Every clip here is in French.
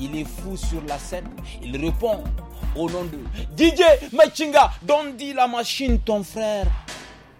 Il est fou sur la scène. Il répond au nom de DJ Machinga, Dondi la machine, ton frère,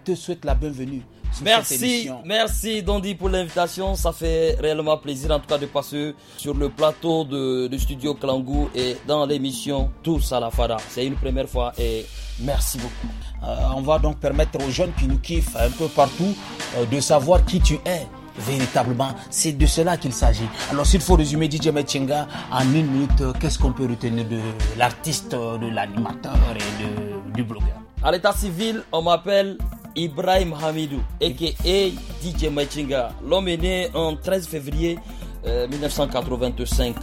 te souhaite la bienvenue. Merci, merci Dondi pour l'invitation. Ça fait réellement plaisir en tout cas de passer sur le plateau de, Studio Klangou et dans l'émission Tous à la Fada. C'est une première fois et merci beaucoup. Euh, on va donc permettre aux jeunes qui nous kiffent un peu partout euh, de savoir qui tu es. Véritablement, c'est de cela qu'il s'agit. Alors, s'il faut résumer DJ Maitchenga, en une minute, euh, qu'est-ce qu'on peut retenir de l'artiste, euh, de l'animateur et du blogueur À l'état civil, on m'appelle Ibrahim Hamidou, a.k.a. DJ Metchenga. L'homme est né en 13 février 1985.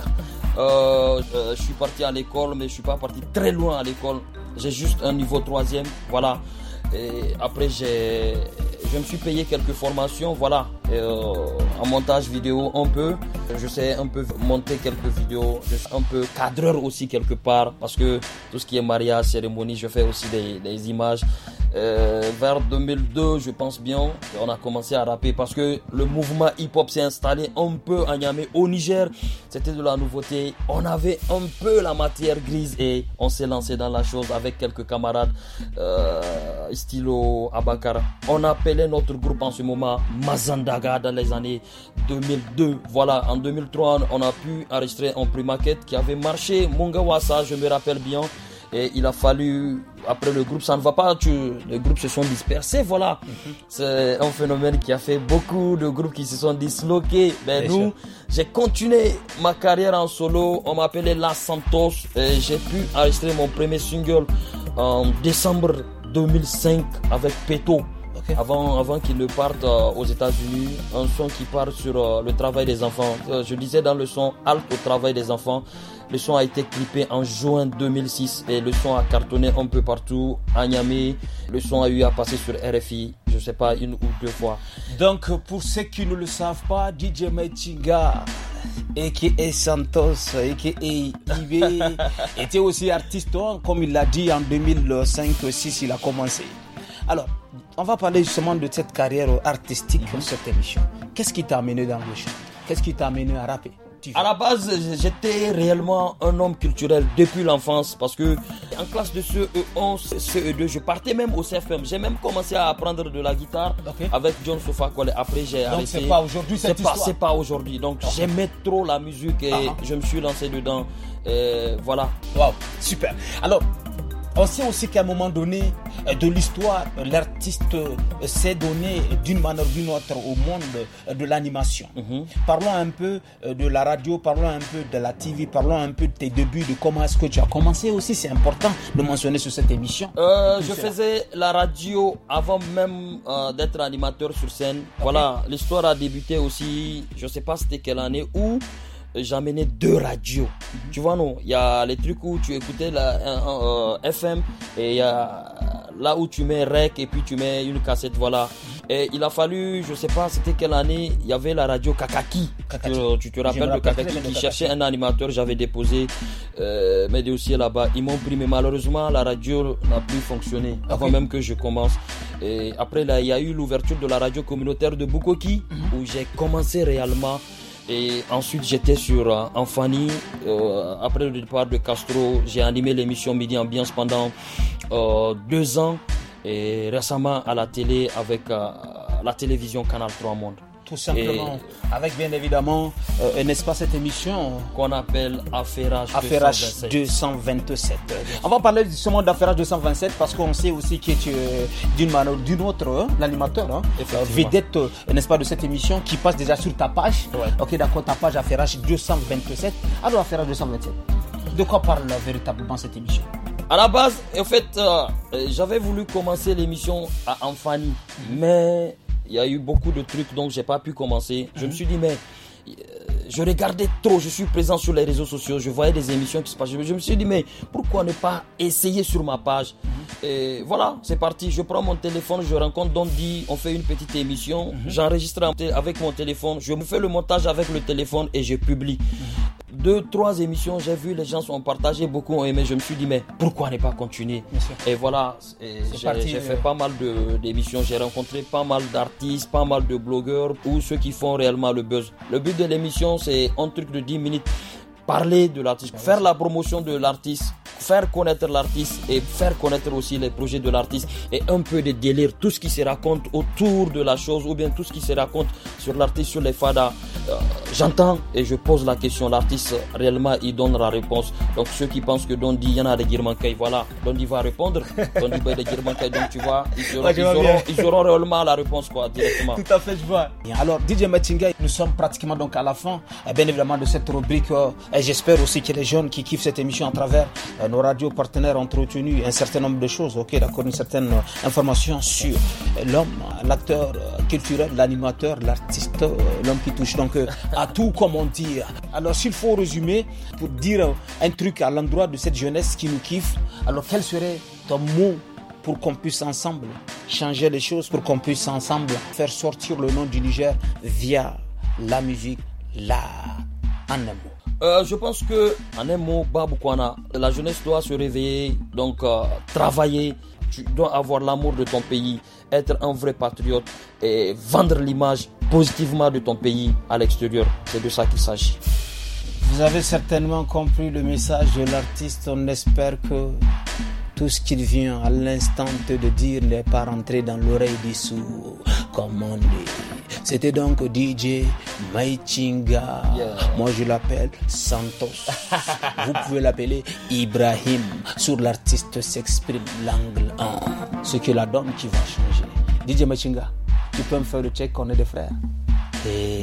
Euh, je suis parti à l'école, mais je ne suis pas parti très loin à l'école. J'ai juste un niveau troisième, voilà. après, j'ai je me suis payé quelques formations, voilà, Un euh, en montage vidéo un peu. Je sais un peu monter quelques vidéos. Je suis un peu cadreur aussi quelque part parce que tout ce qui est mariage, cérémonie, je fais aussi des images. Euh, vers 2002, je pense bien, on a commencé à rapper parce que le mouvement hip-hop s'est installé un peu à Niamey, au Niger. C'était de la nouveauté. On avait un peu la matière grise et on s'est lancé dans la chose avec quelques camarades, euh, stylo Abakar. On appelait notre groupe en ce moment Mazandaga dans les années 2002. Voilà, en 2003, on a pu enregistrer un prix maquette qui avait marché. Mungawasa, je me rappelle bien. Et il a fallu, après le groupe, ça ne va pas, tu, les groupes se sont dispersés, voilà. Mhm. C'est un phénomène qui a fait beaucoup de groupes qui se sont disloqués. Mais ben, nous, j'ai continué ma carrière en solo, on m'appelait La Santos, j'ai pu enregistrer mon premier single en décembre 2005 avec Peto. Avant, avant qu'il ne parte euh, aux États-Unis, un son qui parle sur euh, le travail des enfants. Euh, je disais dans le son Alpes au travail des enfants. Le son a été clippé en juin 2006 et le son a cartonné un peu partout, à Le son a eu à passer sur RFI, je ne sais pas, une ou deux fois. Donc, pour ceux qui ne le savent pas, DJ Maitinga a.k.a. Santos, a.k.a. Ibe, était aussi artiste, hein, comme il l'a dit en 2005-2006, il a commencé. Alors, on va parler justement de cette carrière artistique dans cette émission. Qu'est-ce qui t'a amené dans le chant Qu'est-ce qui t'a amené à rapper à la base, j'étais réellement un homme culturel depuis l'enfance parce que en classe de CE11, CE2, je partais même au CFM. J'ai même commencé à apprendre de la guitare avec John Sofa. Après, j'ai arrêté. c'est pas aujourd'hui cette histoire C'est pas aujourd'hui. Donc, j'aimais trop la musique et ah. je me suis lancé dedans. voilà. Waouh, super. Alors, on sait aussi qu'à un moment donné euh, de l'histoire, l'artiste euh, s'est donné d'une manière ou d'une autre au monde euh, de l'animation. Mhm. Parlons un peu de la radio, parlons un peu de la TV, parlons un peu de tes débuts, de comment est-ce que tu as commencé aussi. C'est important de mentionner sur cette émission. je faisais la radio avant même d'être animateur sur scène. Voilà, l'histoire a débuté aussi, je ne sais pas c'était quelle année, où... Ou j'amenais deux radios. Tu vois, non, il y a les trucs où tu écoutais la euh, FM et il y a là où tu mets rec et puis tu mets une cassette, voilà. Et il a fallu, je sais pas, c'était quelle année, il y avait la radio Kakaki. Tu, te rappelles de Kakaki qui cherchait un animateur, j'avais déposé euh, mes dossiers là-bas. Ils m'ont pris, mais malheureusement, la radio n'a plus fonctionné avant même que je commence. Et après, là, il y a eu l'ouverture de la radio communautaire de Bukoki mhm. où j'ai commencé réellement et ensuite, j'étais sur euh, euh, après le départ de Castro, j'ai animé l'émission Midi Ambiance pendant euh, deux ans. Et récemment à la télé avec euh, la télévision Canal 3 Monde simplement. avec bien évidemment, euh, n'est-ce pas, cette émission qu'on appelle Affairage, 227. On va parler justement d'Affairage 227 parce qu'on sait aussi que tu d'une manière d'une autre hein, l'animateur, hein, euh, vedette, euh, n'est-ce pas, de cette émission qui passe déjà sur ta page. Ok, d'accord, ta page Affairage 227. Alors, Affairage 227, de quoi parle véritablement cette émission à la base, en fait, j'avais voulu commencer l'émission en famille, mais il y a eu beaucoup de trucs, donc j'ai pas pu commencer. Je me suis dit, mais euh, je regardais trop, je suis présent sur les réseaux sociaux, je voyais des émissions qui se passaient. Je me suis dit, mais pourquoi ne pas essayer sur ma page mhm. Et voilà, c'est parti. Je prends mon téléphone, je rencontre Dondi, on fait une petite émission, mhm. j'enregistre avec mon téléphone, je me fais le montage avec le téléphone et je publie. Mhm deux, trois émissions, j'ai vu les gens sont partagés, beaucoup ont aimé. Je me suis dit, mais pourquoi ne pas continuer Et voilà, j'ai fait euh, pas mal d'émissions, j'ai rencontré pas mal d'artistes, pas mal de blogueurs ou ceux qui font réellement le buzz. Le but de l'émission, c'est un truc de 10 minutes, parler de l'artiste, faire la promotion de l'artiste faire connaître l'artiste et faire connaître aussi les projets de l'artiste et un peu de délire, tout ce qui se raconte autour de la chose ou bien tout ce qui se raconte sur l'artiste, sur les fadas. Euh, j'entends et je pose la question. L'artiste réellement il donne la réponse. Donc ceux qui pensent que Dondi, il y en a des Kay voilà, Dondi va répondre. Dondi va des Kay donc tu vois, ils auront, réellement la réponse quoi, directement. Tout à fait, je vois. Et alors DJ Matinga, nous sommes pratiquement donc à la fin, eh, bien évidemment de cette rubrique. Euh, et j'espère aussi que les jeunes qui kiffent cette émission à travers euh, nos radios partenaires ont retenu un certain nombre de choses, ok, d'accord, une certaine euh, information sur l'homme, l'acteur euh, culturel, l'animateur, l'artiste, euh, l'homme qui touche donc à tout, comme on dit. Alors, s'il faut résumer pour dire un truc à l'endroit de cette jeunesse qui nous kiffe, alors quel serait ton mot pour qu'on puisse ensemble changer les choses, pour qu'on puisse ensemble faire sortir le nom du Niger via la musique, l'art, en mot. Euh, je pense que, en un mot, Babukwana, la jeunesse doit se réveiller, donc euh, travailler. Tu dois avoir l'amour de ton pays, être un vrai patriote et vendre l'image positivement de ton pays à l'extérieur. C'est de ça qu'il s'agit. Vous avez certainement compris le message de l'artiste. On espère que tout ce qu'il vient à l'instant de dire n'est pas rentré dans l'oreille du sourd commandé. C'était donc DJ Maichinga. Moi je l'appelle Santos. Vous pouvez l'appeler Ibrahim. Sur l'artiste s'exprime l'angle 1. Ce que la donne qui va changer. DJ Maitinga, tu peux me faire le check qu'on est des frères. Et...